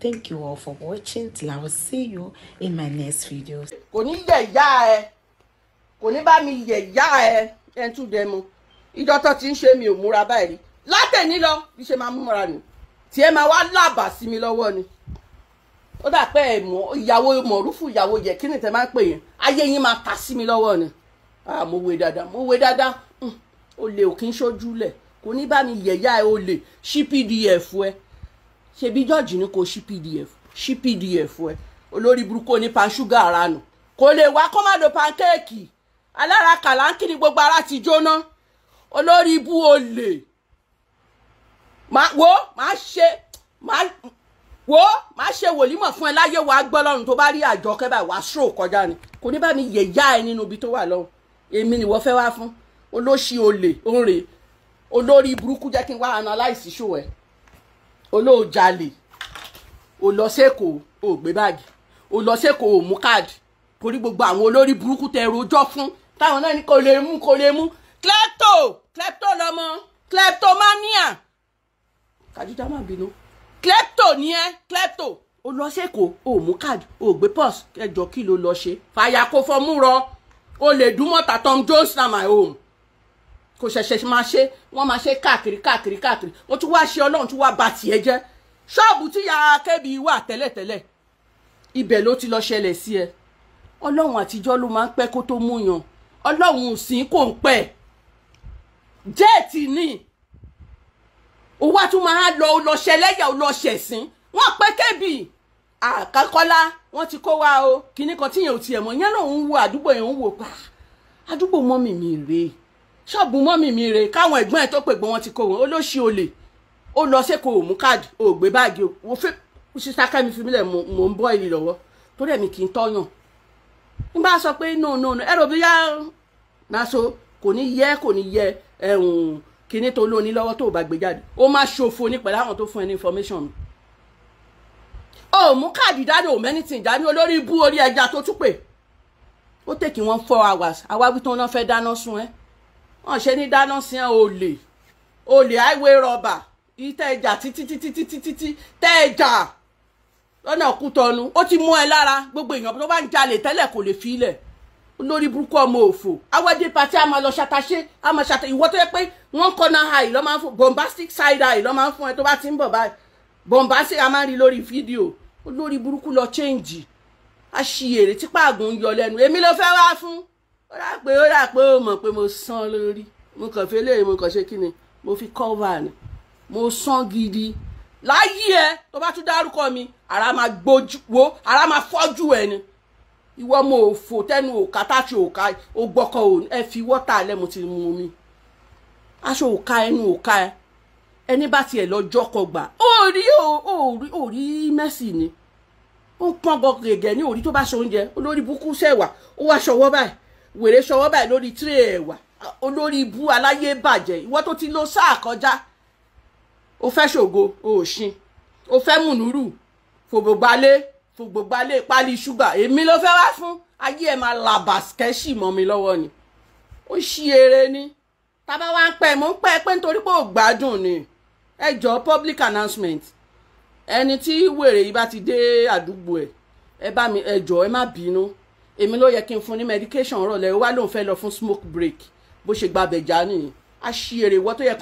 thank you all for watching till i will see you in my next video. kò ní yẹ̀yà ẹ kò ní bá mi yẹ̀yà ẹ ẹ tún dẹ mu ìjọ tó ti ń ṣe mi ò múra báyìí látẹ̀ní lọ bí ṣe máa múra nù tí ẹ máa wá lábà sí mi lọ́wọ́ ni ó dà pé ẹ ìyàwó mọ̀rúfù ìyàwó yẹ kí ni tẹ máa ń pè yẹn ayé yín máa ta sí mi lọ́wọ́ ni mo wé dáadáa mo wé dáadáa olè ò kí ń ṣojú lẹ̀ kò ní bá mi yẹ̀yà ẹ olè ṣípìdì ẹ̀fọ́ ẹ ṣebí george ni kò ṣí pdf ṣí pdf ẹ olórí burúkú onípa ṣúgà ara nù kò lè wá kó má lo pankéèkì alára kàláńkì ni gbogbo ara ti jóná olórí ibú olè wo máa ṣe wo máa ṣe wòlímọ̀ fún ẹ láyé wàá gbọ́ lọ́run tó bá rí àjọ kẹ́bà wàá ṣòro kọjá ni kò ní bá mi yẹ̀yà ẹ nínú ibi tó wà lọ́hùn èmi nìwọ fẹ́ wá fún olóṣì olè òǹrè olórí burúkú jẹ́ kí n wá analyze show ẹ̀ olóòjalè ò lọ sẹ́kọ̀ọ́ ò gbé báàgì ò lọ sẹ́kọ̀ọ́ ò mú káàdì torí gbogbo àwọn olórí burúkú tẹ rojọ́ fún táwọn náà ní kò lè mú kò lè mú klepto klepto lọmọ kleptomania kàdúdà má bínú klepto ni ẹ klepto ò lọ sẹ́kọ̀ọ́ ò mú káàdì ò gbé pọ́s kẹjọ kí ló lọ ṣe fàyà o lè dún mọ́ta Tom Jones na my home kò ṣẹ̀ṣẹ̀ máa ṣe wọ́n máa ṣe káàkiri káàkiri káàkiri ó tún wá ṣe ọlọ́run tún wá ba tiẹ̀ jẹ́ ṣọ́ọ̀bù tí ya kẹ́bi wà tẹ́lẹ̀tẹ́lẹ̀ ibẹ̀ ló ti lọ ṣẹlẹ̀ sí ẹ ọlọ́run àtijọ́ ló máa ń pẹ́ kó tó mú yàn ọlọ́run sìn kò ń pẹ́ jẹ́ẹ̀tì ni òun wá tún máa lọ lọ́ṣẹ lẹ́yà lọ́ṣẹ̀sìn wọ́n pẹ́ kẹ́bi àkàkọ́lá wọ́n ti kó wa o kíní kan tíyẹn ò tiẹ̀ mọ̀ yẹn náà ń wo àdúgbò yẹn ń wò pa ah, àdúgbò mọ́mì mi rèé ṣọ́ọ̀bù mọ́mì mi rèé káwọn ẹ̀gbọ́n ẹ̀ tó pè pé wọ́n ti kó wọn olóṣì olè ó lọ sẹ́kọ̀ọ́ òmù káàdì òògbé báàgì ó fẹ́ sísá kẹ́mi fi mílẹ̀ mò ń bọ́ èyí lọ́wọ́ tó dẹ̀ mi kì í tọ́yàn n bá sọ pé no no no ẹ̀rọ bíyá naso kò ní yẹ kò ní yẹ ẹ̀hún kíní tó lóní lọ́wọ́ tó bá gbé jáde ó má ṣòfò ní pẹ̀lú àwọn tó fún ẹ ní information mi òmù káàdì dáadé òmù ẹni tì í dání olórí ibú orí ẹja tó tún pè ó tèkì wọn four hours àwa wí tán náà fẹ́ dáná sun ẹ́ eh? wọn ṣe ní dáná sí ẹ olè olè highway robber ìtẹ́ ẹja títí títí títí títí tẹ́ ẹja lọ́nà kútọ́nu ó ti mú ẹ lára gbogbo èèyàn tó bá ń jalè tẹ́lẹ̀ kò lè fi ilẹ̀ lórí burúkú ọmọ òfò awẹ́dẹ́ pati a máa lọ ṣàtàṣe a máa ṣàtàṣe ìwọ tó yẹ pé wọ́n kọ́nà high lọ́ máa ń fún bombastic side high lọ́ máa ń fún ẹ tó bá ti ń bọ̀ báyìí bombastic a máa ń rí lórí fídíò lórí burúkú lọ change a ṣiyèrè tí pààgùn ń yọ lẹ́nu èmi ló fẹ́ wá fún ó rà pé ó rà pé ó mọ̀ pé mo sán lórí mo kàn fi eléyìí mo kàn ṣe kí ni mo fi cover ni mo sán gidi láyé ẹ tó bá tún dárúkọ mi ara máa gbójú wo ara máa fọ́jú ẹ ni ìwọ mo fò tẹnu òka táṣù òka ó gbọ́kọ̀ ẹ fi wọ́tà alẹ́ mo ti mu omi aṣọ òka ẹnu òka ẹ ẹni bá tiẹ̀ lọ́jọ́ kan gbà ó rí ó rí mẹ́sì ni ó pọ́n gọ̀gẹ̀gẹ̀ ní òrí tó bá ṣe oúnjẹ olórí burúkú ṣẹ̀wà ó wá ṣọwọ́ báyìí wèrè ṣọwọ́ báyìí lórí tíré ẹ̀wà olórí ibú aláyé bàjẹ́ ìwọ tó ti lọ sáà kọjá o fẹ́ ṣògo o ò ṣin o fẹ́ múnúrù fògbògbálé fògbògbálé pálí ṣúgà èmi ló fẹ́ wá fún ayé ẹ̀ máa la bàskẹ́ṣì mọ́ mi lọ́wọ́ ni ó ṣí eré ní tábà wá ń pẹ́ mò ń pẹ́ pé nítorí pé ò gbádùn ni ẹ public announcement ẹni tí wèrè yìí bá ti dé àdúgbò ẹ̀ ẹ bá mi ẹ ẹ má bínú èmi ló yẹ kí n fún ní medication rọlẹ̀ ó wá lóun fẹ́ lọ fún smoke break bó ṣe gba abẹ̀já nìyí àṣìyèrè ìwọ tó yẹ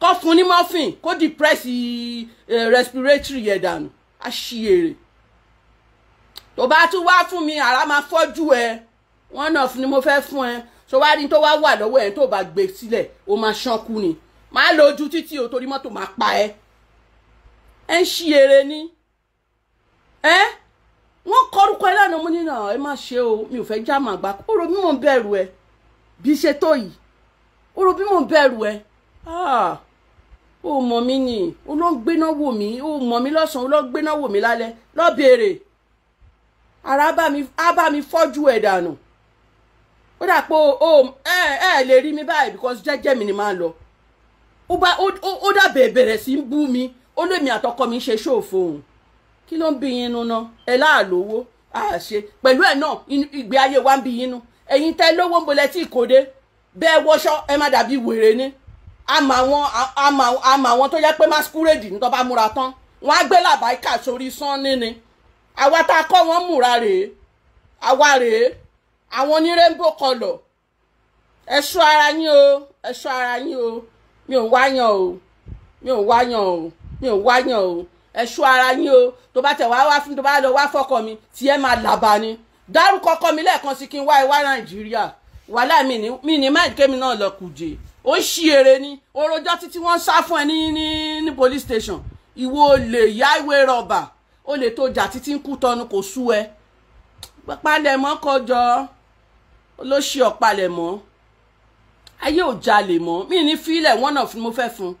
kọ́ fún ní morphine kó depress e, respiratory yẹ dànù àṣìyèrè tó bá tún wá fún mi ara máa fọ́jú ẹ wọ́n náà ni mo fẹ́ fún ẹ tó wá rí tó wá wà lọ́wọ́ ẹ tó bá gbé sílẹ̀ ó máa ṣánkú ni máa lo ojú títí o torí mọ́tò máa pa ẹ ẹ ń ṣìyèrè ni ẹ. Eh? wọ́n kọrúkọ ẹ lánàá mo ní náà ẹ má ṣe o mi ò fẹ́ já màá gbà ó rò bí mò ń bẹ̀rù ẹ bí ṣe tó yìí ó rò bí mò ń bẹ̀rù ẹ ah, ó mọ̀ mí ni ó lọ ń gbéná wò mí ó mọ̀ mí lọ́sàn-án ó lọ ń gbéná wò mí lálẹ́ lọ́bẹ̀rẹ̀ ara á bá mi fọ́jú ẹ̀ dànù ó dà pé ó ẹ ẹ lè rí mi báyìí because jẹ́jẹ́ mi ni máa lọ ó dà bẹ̀rẹ̀ sí ń bú mi ó lé mi àtọkọ mi ṣe ṣòfò òun kí ló ń bí yín nu náà ẹ láàlówó àṣe pẹ̀lú ẹ̀ náà ìgbé ayé wa ń bí yín nu ẹ̀yin tẹ́ lówó ń bolẹ̀ tí ìkóde bẹ́ẹ̀ wọṣọ ẹ má dàbí wèrè ni àmọ́ àwọn àmọ́ àwọn tó yẹ pé masquerade ní tó bá múra tán wọ́n á gbé làbáìkà sórí sánni ni àwa tá a kọ́ wọn múra rèé àwa rèé àwọn ní rainbow color ẹ ṣọ́ ara yín o ẹ ṣọ́ ara yín o mi ò wáyàn o mi ò wáyàn o mi ò wáyàn o ẹ̀ṣọ́ ara yín o tó bá tẹ̀ wá wá fún tó bá lọ wá fọ́kọ mi tí ẹ máa làbà ni dárúkọ ọkọ mi lẹ́ẹ̀kan sí kí n wá ẹ wá nàìjíríà wàhálà mi ni máìlì kémi náà lọ kùjé ó ṣí èrè ni orojọ́ títí wọ́n sá fún ẹ ní ní ní police station ìwọ olè yá ìwé rọ̀bà olè tó jà títí ń kú tọnu kò sú ẹ palẹ̀mọ́ kọjọ ló ṣe ọ̀palẹ̀mọ́ ayé ò jalè mọ́ mí ní fílẹ̀ wọ́n náà fún mo fẹ́ fún un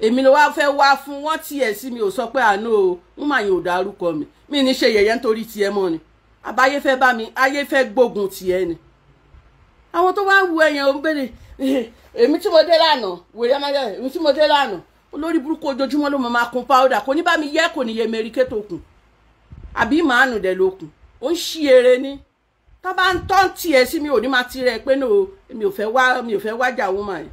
èmi ló wá fẹ́ wá fún wọn tiẹ̀ sí mi ò sọ pé àánú ah, o ń mà yín ò dárúkọ mi mi ní ṣe yẹ̀yẹ́ nítorí tiẹ̀ mọ́ ni àbáyé fẹ́ bá mi ayé fẹ́ gbógun tiẹ̀ ni. àwọn tó wá ń wu ẹyàn ò ń béèrè èmi tí mo dé lánàá wèrè amáyá èmi tí mo dé lánàá olórí burúkú ojoojúmọ́ ló máa kun páódà kò ní bá mi yẹ kò ní yẹ mẹ́ríkẹ́ tó kù àbí màánù dẹ̀ ló kù ó ń ṣí eré ní tó bá ń tọ́ tiẹ̀ sí mi ò ní máa tirẹ̀ pé mi ò fẹ́ wá mi ò fẹ́ wájà wọ́n máa yẹn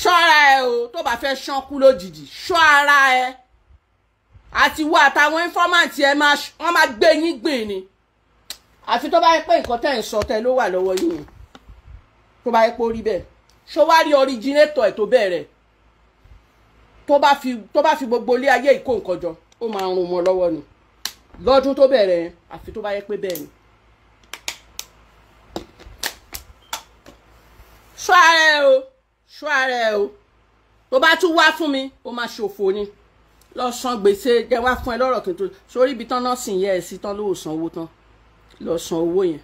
ṣọ́ra ẹ o tó bá fẹ́ ṣánkú lójijì ṣọ́ ara ẹ àti wo àtàwọn ínfọ́màǹtì ẹ wọ́n máa gbé yín gbìn ni àfi tó bá yẹ pé nǹkan tẹ̀ ń sọ tẹ ló wà lọ́wọ́ yín tó bá yẹ pé ó rí bẹ́ẹ̀ ṣó wá rí ọríjìnétọ̀ ẹ̀ tó bẹ̀rẹ̀ tó bá fi gbogbo ilé ayé ìkó nǹkan jọ ó máa rún wọn lọ́wọ́ ni lọ́dún tó bẹ̀rẹ̀ àfi tó bá yẹ pé bẹ́ẹ̀ ni. ṣọ́ ẹ o ṣọ́ ara ẹ o tó bá tún wá fún mi ó máa ṣòfò ni lọ san gbèsè jẹ wá fún ẹ lọ́rọ̀ kí n tó sórí ibi tán náà sì yẹ ẹ sí tán ló san owó tán lọ san owó yẹn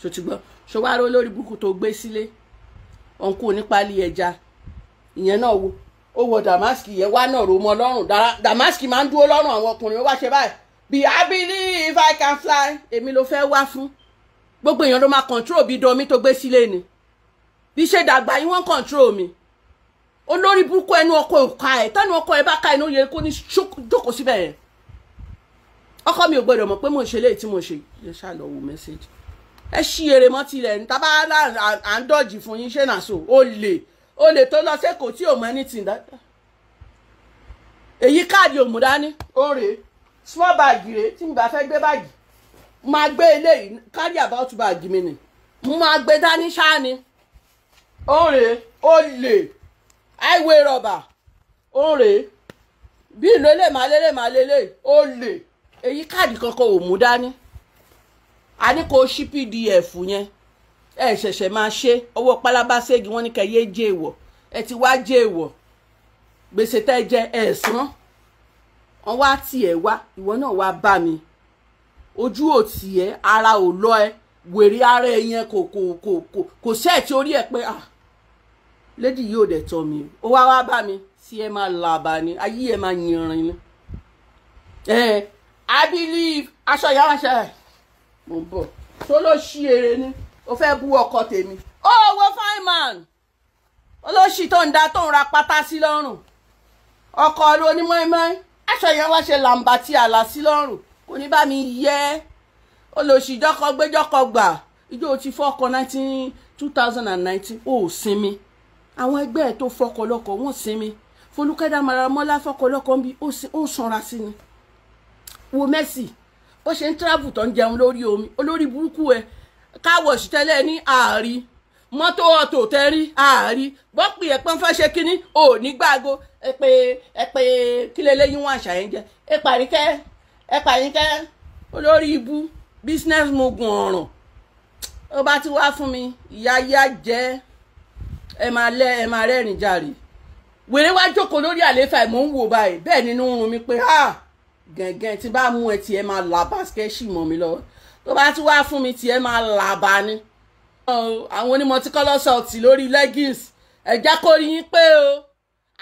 ṣó ti gbọ́ ṣó wá ró lórí burúkú tó gbé sílé òǹkù nípalí ẹja ìyẹn náà wo ó wọ damaski yẹn wá náà rò mọ lọ́rùn damaski máa ń dúró lọ́rùn àwọn ọkùnrin ó wá ṣe báyìí bí i believe if I can fly èmi ló fẹ́ wá fún gbogbo èèyàn ló máa control bí domi tó gbé sílé ni bí ṣe dàgbà yín wọ́n control mi olórí burúkú ẹnu ọkọ ìka ẹ̀ tánú ọkọ ẹ̀ bá ka ẹ̀ ló yẹ kó ní jókòó síbẹ̀ yẹn ọkọ mi ò gbọdọ̀ mọ̀ pé mo ṣe léyìí tí mo ṣe yẹ ṣá lọ wo mẹ́sẹ̀gì ẹ ṣí eré mọ́ tilẹ̀ ní tábà à ń dọ̀jì fún yín ṣé nà so ó lè ó lè tó lọ sẹ́kọ̀ọ́ tí ò mọ ní tì dáadáa èyí káàdì òmù dání ó rèé small bag rèé tí mi bá fẹ́ gbé báàgì máa gbé eléyìí carry about bag mi nì mo máa gbé dání ṣáá ni òǹrè olè highway robber òǹrè bí ìlú lè máa lélẹ̀ máa lélẹ̀ olè èyí káàdì kankan ò mú dání a ní kó ṣí pdf yẹn ẹ ṣẹ̀ṣẹ̀ máa ṣe owó pálábá ségi wọ́n ní kẹ́ yé jẹ́ èèwọ̀ ẹ ti wá jẹ́ èèwọ̀ gbèsè tẹ́ jẹ ẹ̀ sán wọ́n wá tiẹ̀ wá ìwọ náà wá bá mi ojú ò tiẹ̀ ara ò lọ ẹ wèrè ara ẹ yẹn kò kò kò kò sẹ́ẹ̀ tí orí ẹ pé ah lady yìí ò dẹ̀ tọ́ mi ó wá wá bá mi sí ẹ máa làbà ni ayé ẹ máa yanrin ni ẹ i believe aṣọ ìyá wọn ṣe ẹ mo ń bọ̀ tó ló ṣí eré ni ó fẹ́ bú ọkọ tèmi ó wo fine man olóṣì tó ń da tó ń ra pátá sí lọ́rùn ọkọ ló ní mọ́ínmọ́ín aṣọ ìyá wọn ṣe làǹbà tí àlà sí lọ́rùn kò ní bá mi yẹ olóṣì jọkọ gbẹjọkọ gbà ijó ti fọ́ ọkọ nineteen two thousand and nineteen ó sinmi àwọn ẹgbẹ́ ẹ̀ tó fọkọlọkọ wọ́n sinmi Folúkẹ́ Dámọ̀láramọ́lá fọkọlọkọ ń bi ó ń sanra sí ni wo Mercy bó ṣe ń travel tó ń jẹun lórí omi olórí burúkú ẹ káwọ̀ sí tẹ́lẹ̀ ní ààrí mọ́tò ọ̀tò tẹ́rí ààrí bọ́pì ẹ̀pọ́n fẹ́ ṣe kínní ò ní gbàgbó ẹ pé ẹ pé kílẹ̀ lẹ́yìn wọn àṣà yẹn jẹ ẹ pàríkẹ́ ẹ pàríkẹ́ olórí ibú business mogun ọ̀ràn ó bá ti wá fún mi ìyá yá jẹ́ ẹ máa lẹ ẹ máa rẹ́rìn jàre wèrè wá jókòó lórí àlééfà mò ń wò báyìí bẹ́ẹ̀ nínú oorun mi pé ha gẹ̀ǹgẹ̀ tí bá mú ẹ tiẹ̀ máa là báskẹ́ṣì mọ́ mi lọ́wọ́ tó bá ti wá fún mi tiẹ̀ máa là bá ní. àwọn onímọ̀ tí kọ́lọ́ sọ̀tì lórí leggings ẹ̀já kò rí yín pé o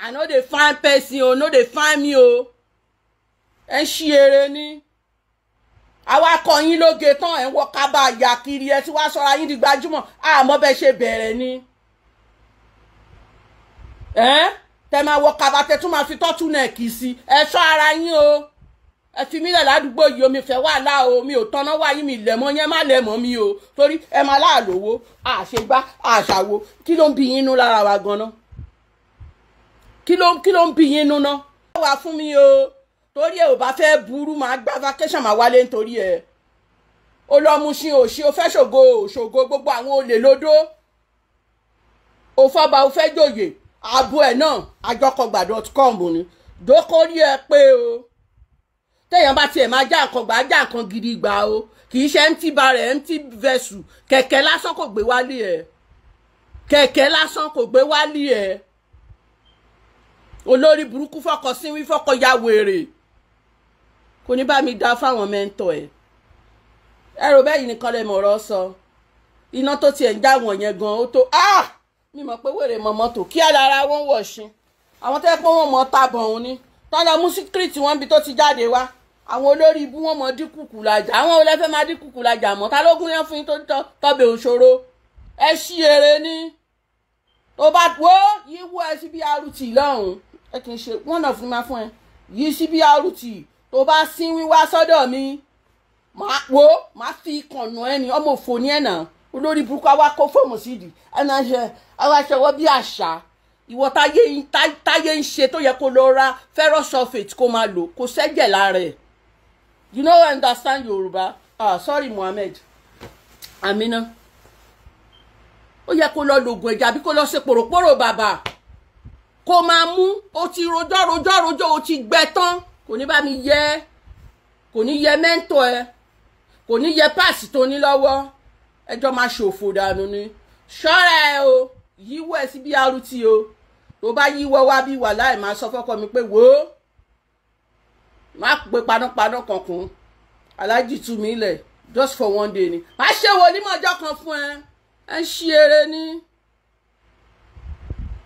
i no dey find person o no dey find me o ẹ ń ṣí eré ní awakọ̀ yín lóge tán ẹ̀ ń wọ kábàáyà kiri ẹ ti wá sọ́ra yín di gbajúmọ̀ àmọ́ bẹ́ẹ̀ ṣe bẹ̀rẹ̀ ni. Eh? tẹ máa wọ kaba tẹ tún máa fi tọ́tù náà kì í sí ẹ ṣọ́ ara yín o ẹ fi mílẹ̀ ládùúgbò yìí omi fẹ́ wàhálà o mi ò tanná wáyé mi lẹ̀mọ́ yẹn má lẹ̀mọ́ mi o torí ẹ máa láàlówó àṣegbá àṣàwo kí ló ń bí yín nú lára wa gan-an kí ló kí ló ń bí yín nú ná. wá fún mi o torí ẹ ò bá fẹ́ burú máa gba vacation máa wálé nítorí ẹ o lọ mu ṣin òṣì o fẹ́ ṣògo òṣògo gbogbo àwọn olè lódó òfọba o fẹ́ jòyè abo ẹ̀ náà àjọkọgbà.com ni dókòrí ẹ pé o téèyàn bá tiẹ̀ máa já nǹkan gbà á já nǹkan gidi gbà o kì í ṣe empty barrel empty vessel kẹ̀kẹ́ lásán kò gbé wálé ẹ̀ kẹ̀kẹ́ lásán kò gbé wálé ẹ̀ olórí burúkú fọkọ síwí fọkọ ya wèrè kò ní bá mi dá fáwọn mẹ́ńtọ̀ ẹ̀ ẹ̀rọ bẹ́yìí nìkan lè mọ̀ọ́rọ́ sọ iná tó tiẹ̀ ń já wọ̀nyẹn gan ó tó ah mi mọ̀ pé wèrè mọ̀ mọ́tò kí alára wọn wọ̀ ṣin àwọn tẹ́ pé wọ́n mọ̀ tabọ̀ òun ni tọ́lá mú síkírìtì wọn bí tó ti jáde wá àwọn olórí ibú wọn mọ̀ dínkùkù làjà àwọn olẹ́fẹ́ máa dínkùkù làjà mọ́ ta lógún yẹn fún yín tó tọ́bẹ̀ òṣòro ẹ ṣí eré ní tó bá wo yìí wú ẹ sí BRT lọ́hùn-ún ẹ kì í ṣe wọ́n náà fún mi máa fún ẹ yìí sí BRT tó bá sín wíwá sọ́dọ̀ mi máa wo máa fi kànnà ẹni ọmọ òfò ní ẹ̀ olórí burúkú àwa kó fóònù sí ìdí àwa ṣẹwọ́ bí àṣà ìwọ táyé ń ṣe tó yẹ kó lọ ra ferrous sulfate kó máa lò kó ṣẹ́jẹ̀ lára ẹ̀ you know, I understand Yorùbá ah sorry Mohammed Amina ó yẹ kó lọ lògùn ẹja àbí kó lọ ṣe pòròpórò bàbà kó máa mú ó ti rojọ́ rojọ́ rojọ́ ó ti gbẹ tán kò ní bá mi yẹ kò ní yẹ mẹ́ńtọ̀ ẹ kò ní yẹ páàsì tó ní lọ́wọ́ ẹjọ́ máa ṣòfò dànù ni ṣọ́ra ẹ o yíwọ́ ẹ sí BRT o tó bá yíwọ́ wá bí wà láì máa sọ fọ́kọ mi pé wò ó má pe panápaná kankan aláàjì tú mi lẹ̀ just for one day ni má ṣe wo onímọ̀ ọjọ́ kan fún ẹ ẹ ń ṣí eré ní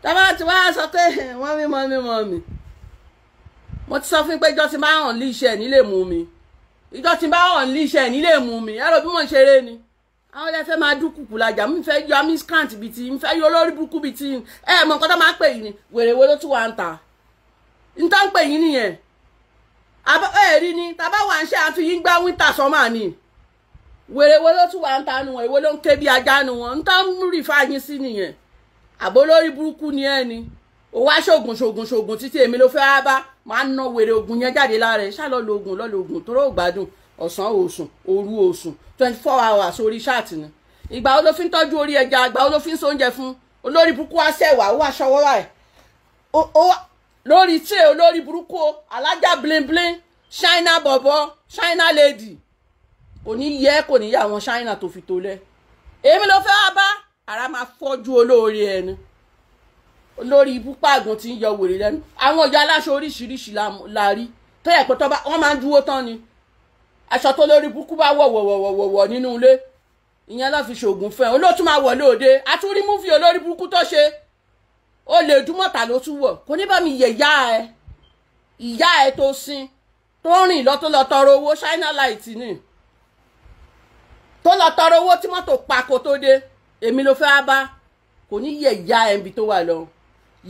tọ́ba tí wọ́n sọ pé wọ́n mi mọ́ mi mọ́ mi mo ti sọ fún yín pé ìjọ tí bá hàn lé iṣẹ́ ẹ̀ nílé mú mi ìjọ tí bá hàn lé iṣẹ́ ẹ̀ nílé mú mi ẹ rò bí mo ń ṣeré ni àwọn ẹlẹ́fẹ́ máa dúnkùkù lajà mi fẹ́ yọ miscant bíi ti mi fẹ́ yọ olórí burúkú bíi ti ẹ mọ nǹkan tó máa ń pè yín ni wèrèwé ló tún wà ń ta n tó ń pè yín nìyẹn ẹ̀rí ni tàbá wà ń ṣe àfi yín gbá wíńtà sọ́mà ni wèrèwé ló tún wà ń ta nu wọn èwo ló ń ké bí ajá nu wọn n tó ń rì fáyín sí nìyẹn àbó lórí burúkú ni ẹ ni ó wá ṣoògùn ṣoògùn ṣoògùn títí èmi ló fẹ́ bá máa ń ná wèrè ògùn yẹn jáde lára ṣá lọ́ọ́ lo ògùn lọ́ọ́ lo ògùn tó rò gbádùn ọ̀sán òsùn òru òsùn twenty four hours orí ṣáàtì ni ìgbà wo ló fi ń tọ́jú orí ẹja ìgbà wo ló fi ń sóúnjẹ fún olórí burúkú aṣẹ́wà ó wà ṣọwọ́rà ẹ̀ lórí tray olórí burúkú alájà bling bling ṣáínà bọ̀bọ̀ ṣáínà lady kò ní yẹ kò ní yà wọn ṣáínà tó fi tó lẹ èmi ló fẹ́ wá bá ara máa fọ́jú olóore ẹni olórí ibú pàgùn ti ń yọ wèrè lẹ́nu àwọn ọ̀yọ́ aláṣọ oríṣiríṣi la rí tẹ́lẹ̀ pé wọ́n máa ń dúró tán ni aṣọ tó lórí burúkú bá wọ̀ wọ̀ wọ̀ wọ̀ wọ̀ nínú ilé ìyẹn ló fi ṣoògùn fún ẹ olóòtú máa wọ̀ lóde àtúrí múfì olórí burúkú tó ṣe ó lè dúmọ̀tà ló tún wọ̀ kò ní bá mi yẹ ìyá ẹ ìyá ẹ tó sin tó rìn lọ lọ tọrọ owó China light ni tó lọ tọrọ owó tí mọ́tò pa kó tó dé èmi ló fẹ́ bá kò ní yẹ ìyá ẹ níbi tó wà lọ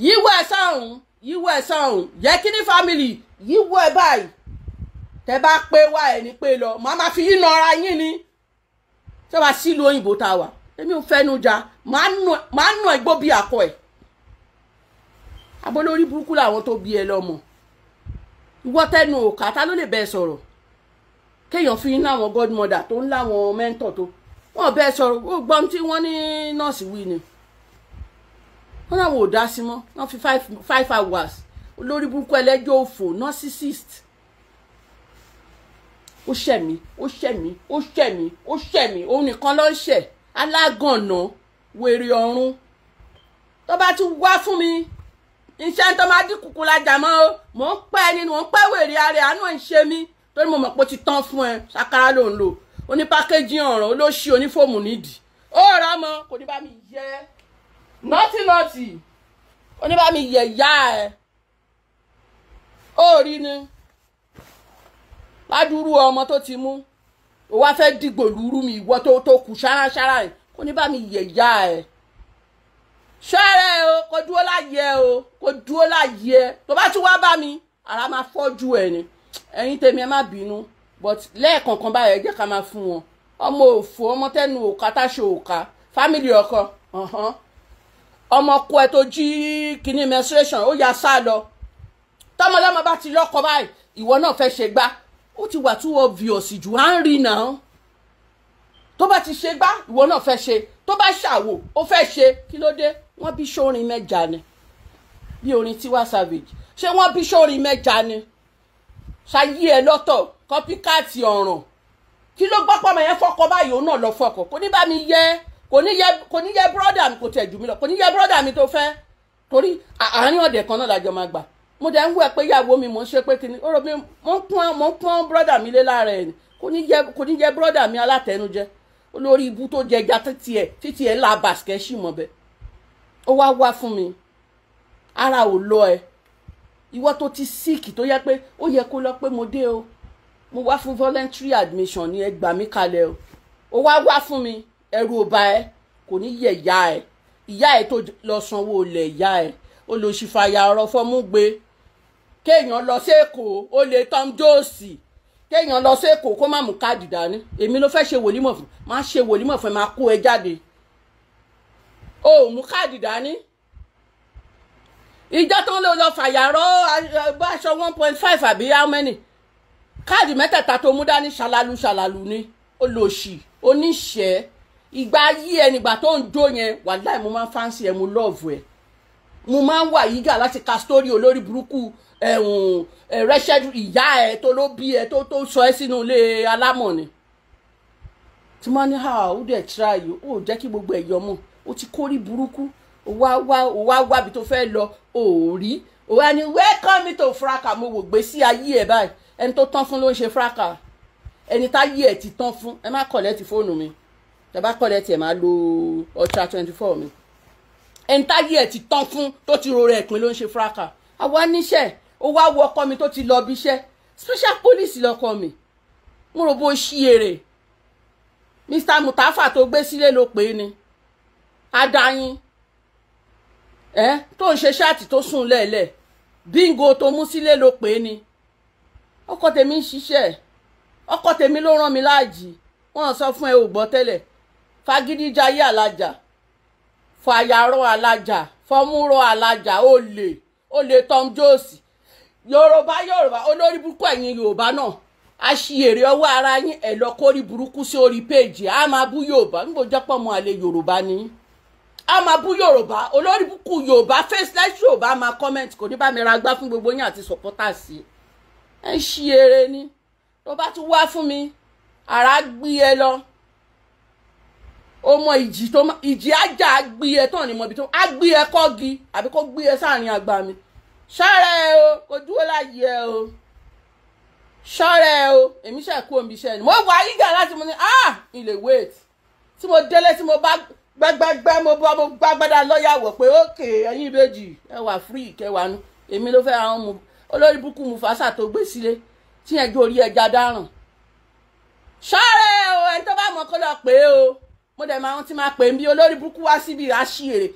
yíwọ ẹ sọ̀hún yíwọ ẹ sọ̀hún yẹ kí ní family yíwọ ẹ báyìí tẹ bá pé wá ẹ ní pé lọ màá máa fi yín nọra yín ni ṣé wàá sílùú òyìnbó tá a wà èmi ò fẹ́ nu jà màá nù ẹgbó bíi àkọ ẹ̀ abolórí burúkú làwọn tó bí ẹ lọ́mọ ìwọ tẹnu òkà ta ló lè bẹ sọ̀rọ̀ kéèyàn fi ń láwọn godmother tó ń láwọn mentor tó wọn bẹ sọ̀rọ̀ ó gbọ́n tí wọ́n ní nọ́ọ̀sì wí ni wọ́n láwọn ò dá sí mọ́ wọ́n fi five hours olórí burúkú ẹlẹ́jọ́ òfò narcissist. No ó ṣẹ̀ mí ó ṣẹ̀ mí ó ṣẹ̀ mí ó ṣẹ̀ mí òun nìkan ló ń ṣẹ̀ alágànná wèrè ọ̀run tó bá tún wá fún mi iṣẹ́ tó máa dín kùkù lajà mọ́ o mò ń pẹ́ ẹni mò ń pẹ́ wèrè ara àánú ẹ̀ ń ṣe mí torí mo mọ̀ pé ó ti tán fún ẹ ṣàkàrà ló ń lò oní pákéjì ọ̀ràn olóṣì onífòmù nídìí ó rà mọ́ kò ní bá mi yẹ nọ́tì nọ́tì oní bá mi yẹ yá ẹ ó rí ni ládùúrú ọmọ tó ti mú o wá fẹ́ dìgbò lúrú mi ìwọ tó tó kù ṣáráṣárá ẹ̀ kó ní bá mi yẹ̀ ìyá ẹ̀ ṣọ́ọ̀rẹ́ o kò dúró láyé o kò dúró láyé tó bá tún wá bá mi ara máa fọ́jú ẹ̀ ni ẹ̀yin tèmi ẹ má bínú but lẹ́ẹ̀kọ̀ọ̀kan báyìí ẹ jẹ́ ká máa fún wọn ọmọ òfò ọmọ tẹnu òka táṣe òka fámìlì ọkọ ọmọ ọkọ ẹ tó jí kínní menstruation ó yà sá lọ tọmọdé ọmọ bá ti rọkọ báyìí ìwọ náà fẹ́ ṣe gbá ó ti wà too obvious jù á ń rí náà tó bá ti ṣe gbá ìwọ náà fẹ́ ṣe tó bá ṣàwò ó fẹ́ ṣe kí ló dé wọ́n bí sórin mẹ́ja ni bí orin Tiwa Savage ṣé wọ́n bí sórin mẹ́ja ni ṣayí ẹ lọ́tọ̀ kọ́píkàtì ọ̀ràn kí ló gbọ́ pọ́nmọ yẹn fọ́kọ báyìí òun náà lọ fọkọ kò ní bá mi yẹ kò ní yẹ kò ní yẹ bírọ́dà mi kò tẹ̀ jù mí lọ kò ní yẹ bírọ́dà mi tó fẹ́ torí àárín ọ̀dẹ̀ kan náà làjọ máa gbà mo dẹ̀ ń wẹ̀ pé ìyàwó mi mò ń ṣe pé kíni ó rò mí mò ń pọ́n mò ń pọ́n bírọ́dà mi lé lára ẹ̀ kò ní jẹ́ kò ní jẹ́ bírọ́dà mi alátẹnujẹ olórí ibú tó jẹ ẹja títí ẹ̀ títí ẹ̀ la bàṣkẹ́ sì mọ̀ bẹ́ẹ̀ ó wá wá fún mi ara ò lọ ẹ ìwọ tó ti síìkì tó yẹ pé ó yẹ kó lọ pé mo dé o mo wá fún voluntary admission ni ẹ gbà mí kalẹ̀ o ó wá wá fún mi ẹrù ò bà ẹ kò ní yẹ ìyá ẹ ìyá ẹ tó lọ sanwó olè ìyá ẹ olùsìfàyà ọ̀rọ̀ fọmú gbé kéèyàn lọ sékòó ó lè tom jóòsì kéèyàn lọ sékòó kó má mú káàdì dání èmi ló fẹ́ ṣe wòlímọ̀ fún má ṣe wòlímọ̀ fún má kó ẹ jáde o ò mú káàdì dání ìjọ tó ń lò lọ fàyàrọ aṣọ one point five àbí how many káàdì mẹ́tẹ̀ẹ̀ta tó mú dání ṣalalu ṣalalu ni olòṣì oníṣẹ́ ìgbà ayé ẹnìgbà tó ń jó yẹn wàláì mo máa ń fáǹsì ẹ mo lọ́ọ̀vù ẹ mo máa ń wà yígà láti ka sítórì olórí burúkú ẹ̀hún ẹ̀rẹ́ṣẹ́ ìyá ẹ̀ tó ló bí ẹ̀ tó tó sọ ẹ́ sínú ilé alámọ̀ ni tí wọ́n ní ha ó dẹ̀ try o ó jẹ́ kí gbogbo ẹ̀ yọmọ ó ti kórì burúkú ó wá wá ó wá tó fẹ́ lọ ó rí ó wá ní welcome me to fraka mo wò gbé sí ayé ẹ̀ báyìí ẹni tó tán fún ló ń ṣe fraka ẹni tá yí ẹ̀ ti tán fún ẹ má kọ̀lẹ́tì fóònù mi ẹ bá kọ̀lẹ́tì ẹ̀ má lo ultra twenty four mi ẹ̀ńtáyé ẹ̀ ti tán fún tó ti rọrọ ẹ̀pin ló ń ṣe fúráka àwa níṣẹ́ ó wá wọ ọkọ mi tó ti lọ bí iṣẹ́ special police lọkọ mi mo rò bó ṣí èrè Mr Mutafa tó gbé sílé ló pè é ni adáyín ẹ tó ń ṣe ṣáàtì tó sùn lẹ́ẹ̀lẹ́ bíngò tó mú sílé ló pè é ni ọkọ tèmi ń ṣiṣẹ́ ọkọ tèmi ló rán mi láàjì wọn sọ fún ẹ ò gbọ́ tẹ́lẹ̀ fagídí alájà. fàyàrọ alájà fọmúrọ alájà olè olè tom jones yorùbá yorùbá olórí burúkú ẹ̀yin yorùbá náà aṣiyèrè ọwọ́ ara yín ẹ̀ lọ kórí burúkú sí orí péèjì a máa bú yorùbá nígbò jẹ́pọ̀ mọ́ àlè yorùbá ni a máa bú yorùbá olórí burúkú yorùbá faceless yorùbá máa comment kò ní bá mi ra gbá fún gbogbo yín àti supporters yìí ẹ̀ ń ṣiyèrè ni tó bá tún wá fún mi àrà gbé e lọ ọmọ ìjì tó má ìjì ajá agbí ẹ tán ni mo ibi tó agbí ẹ kọ́gi àbí kó gbí ẹ sáàrin àgbà mi ṣọ́ra ẹ o kò dúró láàyè ẹ o ṣọ́ra ẹ o èmi ṣe kú omi iṣẹ́ ni mo wà yíga láti mo ní ah ilé wait tí mo délé tí mo bá gbẹgbẹgbẹ mo bá mo gbàgbádà lọ́yàwó pé ókè ẹ̀yin ìbejì ẹ wà free ìkẹwàá nu èmi ló fẹ́ àwọn mu olórí búkú mu fàṣà tó gbé sílé tí yẹn jó orí ẹja dáràn ṣọ́ra ẹ o ẹni tó bá mọ̀ kó lọ pé o mo dẹ̀ máa ń ti máa pè ń bí olórí burúkú wá síbi àṣìírí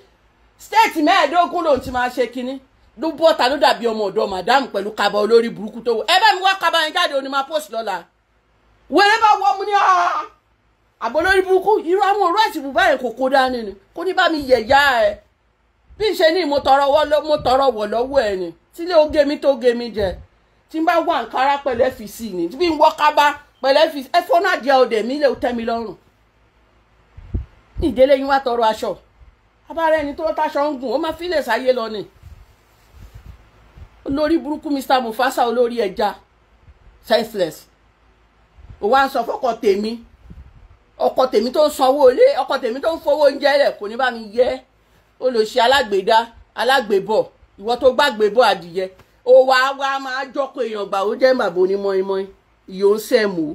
stéètì mẹ́ẹ̀ẹ́dógún lòun ti máa ṣe kinní ló bọ́ta ló dàbí ọmọ ọ̀dọ́ màdáàmù pẹ̀lú kaba olórí burúkú tó wọ ẹ bá mi wá kaba yẹn jáde òní máa post lọ́la wẹ́rẹ́ bá wọ́ mu ní ọ́ ah, ah, ah. àbọ̀ olórí burúkú irú àwọn òró àti bùbá yẹn kò kó dání ni kò ní bá mi yẹ̀yà ẹ bí n ṣe ní mo tọrọ wọ̀ lọ́wọ́ ẹ ni tílé ó gé mi tó gé mi jẹ tí n bá wà ń kára pẹ̀lú ẹ̀fìsì ni bí n wọ́ kaba pẹ̀lú ẹ̀fìsì ẹ̀fọ́ náà jẹ́ ọdẹ mi lè tẹ́ mi lọ́rùn ìdílé yín wá tọrọ aṣọ abára ẹni tó táṣọ ń gùn ó máa fi lè sáyé lọ ni olórí burúkú Mr Mufasa olórí ẹja senseless òun à ń sọ fọkọ tèmi ọkọ tèmi tó ń sanwó ilé ọkọ tèmi tó ń fowó oúnjẹ rẹ kò ní bá mi yẹ olùṣe alágbèdá alágbèbọ ìwọ tó gbàgbèbọ adìyẹ ó wàá wàá máa jọkọ èèyàn gbà ó jẹ màbò ní mọ́ínmọ́ín ìyóò ń sẹ́mu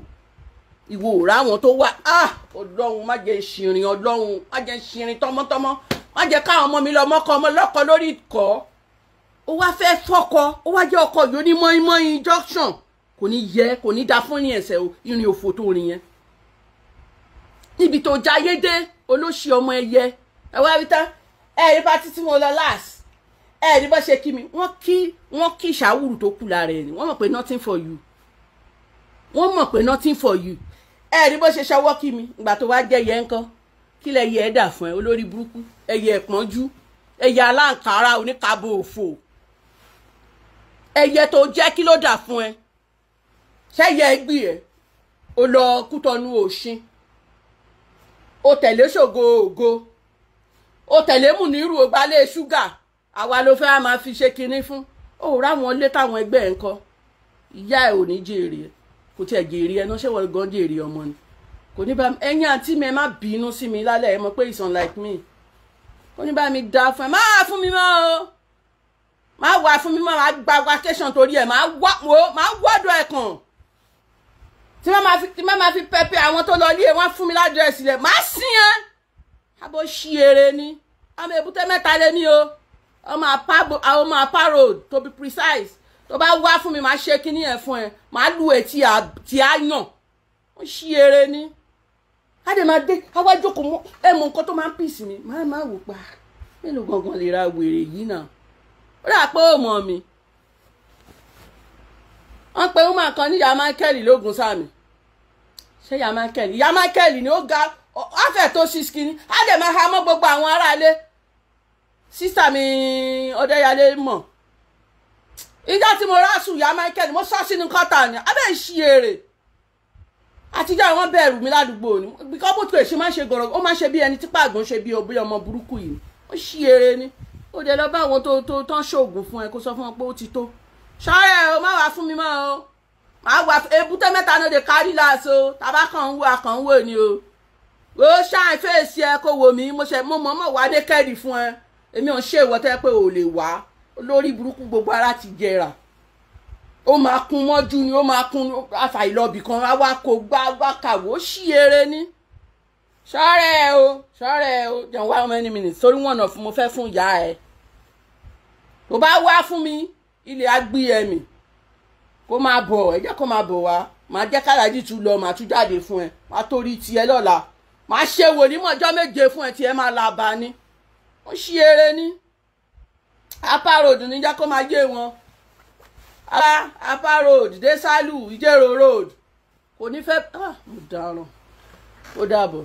ìwò òrà àwọn tó wà á ah! ọlọ́run má jẹ́ ìṣìrìn ọlọ́run má jẹ́ ìṣìrìn tọmọtọmọ má jẹ́ káwọn ọmọ mi lọ mọ́kọ ọmọ lọ́kọ lórí ìkọ́ ó wá fẹ́ fọ́kọ ó wá jẹ́ ọkọ yóò ní mọ́ínmọ́ín junction kò ní yẹ kò ní da fún ní ẹsẹ̀ ìrìn òfò tó rìn yẹn níbi tó jáyé dé olóṣì ọmọ ẹyẹ ẹ wá rí tán ẹ rí pátí tí mo lọ last ẹ rí bá ṣe kí mi wọ́n kí wọ́n kí ìṣàwùrù tó kù lára ẹ̀ ni wọ́n mọ̀ pé nothing for you wọ́n mọ̀ pé nothing for you ẹ rí bó ṣe ṣọwọ́ kí mi ìgbà tó wá jẹ́ yẹn ńkọ́ kí lẹ yẹ ẹ dà fún ẹ olórí burúkú ẹyẹ ẹ̀pọ́njú ẹyẹ aláǹkárá oníkàbọ̀ òfò ẹyẹ tó jẹ́ kí ló dà fún ẹ ṣẹ́yẹ ẹgbì ẹ o lọ kútọ́nu òṣin o tẹ̀lé ṣògo ògo o tẹ̀lé mùnírù ògbálẹ̀ ṣúgà àwa ló fẹ́ máa fi ṣe kinní fún òòrà wọn lé táwọn ẹgbẹ́ ẹ̀ ń ìyá ẹ̀ ò ní jèrè ẹ̀ kò tiẹ̀ jèrè ẹ̀ náà ṣé wọ́n gan jèrè ọmọ ni kò ní bá mi ẹ̀yin àǹtí mi ẹ má bínú sí mi lálẹ́ ẹ mọ̀ pé it's unlike me kò ní bá mi dá fún ẹ má wà fún mi mọ́ o má wà fún mi mọ́ má gba vacation torí ẹ̀ má wá o má wọ́dọ̀ ẹ̀ kàn tí má máa fi tí má máa fi pẹpẹ àwọn tó lọ ilé wọn fún mi ládírẹ́sì rẹ̀ má sìn ẹ́ abo ṣí eré ni ọmọ èbúté mẹ́ta lé ní o ọmọ apá road to be precise tó bá wá fún mi máa ṣe kíní ẹ̀ fún ẹ máa lu etí àti àyàn ó ṣí eré ní a dẹ̀ máa dé àwa jókòó mọ́ ẹ mọ nǹkan tó máa ń pìsì mi máa máa wò pa mélòó gangan lè ra wèrè yìí náà ó rà pé ó mọ̀ mi wọ́n pe woman kan ní ìyá Michael lóògùn sáàmì ṣé ìyá Michael ìyá Michael ni ó ga afẹ́ tó six kìíní á dẹ̀ máa ha mọ́ gbogbo àwọn aráalé sísà mi mọ̀ ìjọ tí mo rásù ìyá Michael mo sọ sínú kọ́tà ni abẹ́ ìṣí èrè àtijọ́ àwọn bẹ̀rù mi ládùúgbò ni bíkọ́ bó tilẹ̀ ṣe máa ń ṣe gọ̀rọ̀ ó máa ń ṣe bí ẹni tí pàgùn ṣe bí òbí ọmọ burúkú yìí ó ṣí èrè ni ó dé lọ bá àwọn tó tó tán ṣoògùn fún ẹ kó sọ fún ọ pé ó ti tó ṣọ́ọ́rẹ́ o má wàá fún mi mọ́ o màá wà èbúté mẹ́ta náà lè kárí láàṣọ tàbá kàn ń wò àkàn ń wò ni o o ṣáà fèsì ẹ kó wò mí mo mọ̀ mọ̀ wá dé kẹ́rì fún ẹ èmi ò ń ṣe ìwọ́tẹ́ pé ò lè wá olórí burúkú gbogbo ara ti jẹrà ó máa kun mọ́jú ni ó máa kun àfàìlọ́bì kan wá kó gbá gbá kàwó sí eré ní ṣọ́rẹ́ o ṣọ́rẹ́ o jẹun wá many minutes torí wọ̀nà fún mo fẹ́ fún ìyá ẹ tó bá wá fún mi ilé agbí mi. kó máa bọ̀ ẹ jẹ́ kó máa bọ̀ wá màá jẹ́ káràjì tún lọ màá tún jáde fún ẹ màá torí tiẹ̀ lọ́la màá ṣe wòlímọ̀jọ́ méje fún ẹ tiẹ̀ máa la bá ní ó ṣí eré ní apá road níjà kó máa jẹ́ wọn apá apá road desalu ìjẹ̀rò road kò ní fẹ́ ah, mo dáràn ó dàbọ̀.